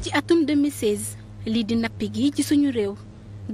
ci atum 2016 lii di nappi gi ci suñu réew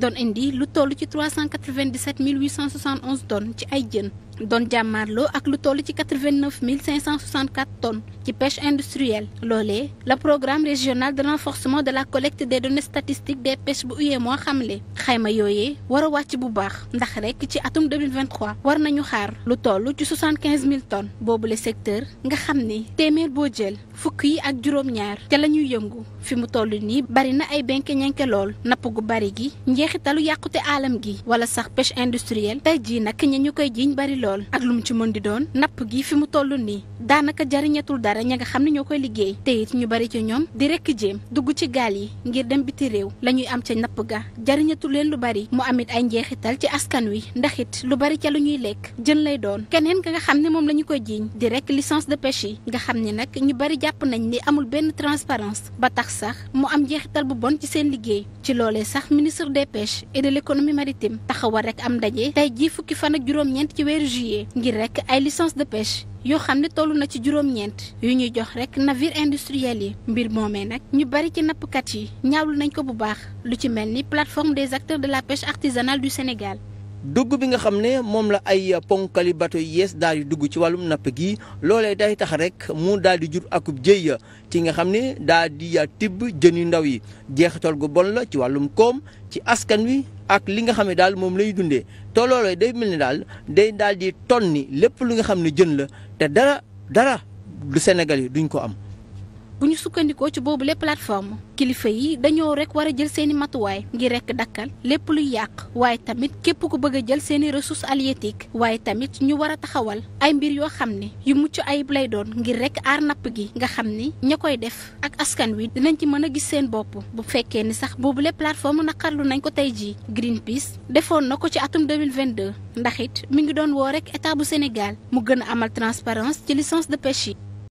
doon indi lu toll ci 397 871 tonnes ci ay jën doon jàmmaarloo ak lu toll ci 89 564 tonnes ci pêche industrielle loolee la programme régional de renforcement de la collecte des données statistiques des pêches bu UEMOA xamle xayma yooyee war a wàcc bu baax ndax rekk ci atum 2023 war nañu xaar lu toll ci 75 000 tonnes boobule secteur nga xam ni téeméer boo jël fukk yi ak juróom-ñaar ca la ñuy yëngu fi mu toll nii bari na ay benke ñenke lool napp gu bari gi njeexitalu yàqute aalam gi wala sax pêche industrielle tey jii lool ak lu mu ci mën di doon napp gi fi mu toll nii daanaka jariñatul dara ña nga xam ne ñoo koy liggéey te it ñu bari ci ñoom di rekk jéem dugg ci gaal yi ngir dem biti réew la am ca napp ga jariñatul leen lu bari mu amit ay njeexital ci askan wi ndax it lu bari ca lu ñuy lekk jën lay doon keneen nga nga xam ne moom la ñu koy jiiñ di rekk licence de pêche yi nga xam ni nag ñu bari jàpp nañ ni amul benn transparence ba tax sax mu am njeexital bu bon ci seen liggéey ci loolee sax ministre des pêches et de l'économie maritime taxawal juillet ngir rek ay licence de pêche yoo xam ne toll na ci juróom-ñeent yu ñuy jox rek navire industriel yi mbir moomee nag ñu bari ci nappkat yi ñaawlu nañ ko bu baax lu ci mel ni plateforme des acteurs de la pêche artisanale du Sénégal dugg bi nga xam ne moom la ay ponkali bato yees daal di dugg ci wàllum napp gi loolee day tax rek mu daal di jur akub ya ci nga xam ne daal di tibb jën yu ndaw yi jeexital gu bon la ci wàllum koom ci askan wi ak li nga xam ne daal moom lay dundee te day mel ni daal day daal di ni lépp lu nga xam ne jën la te dara dara du Sénégal yi duñ ko am. bu ñu sukkandikoo ci boobu les plateformes kilifa yi dañoo rek war a jël seeni matuwaay ngir rek dakkal lépp luy yàq waaye tamit képp ko bëgg a jël seeni ressources halieutiques waaye tamit ñu war a taxawal ay mbir yoo xam ne yu mucc ayib lay doon ngir rek aar napp gi nga xam ni ña koy def ak askan wi dinañ ci mën a gis seen bopp bu fekkee ni sax boobu les plateformes naqarlu nañ ko tey jii Greenpeace defoon na ko ci atum 2022 ndax it mi ngi doon woo rek état bu Sénégal mu gën a amal transparence ci licence de pêche yi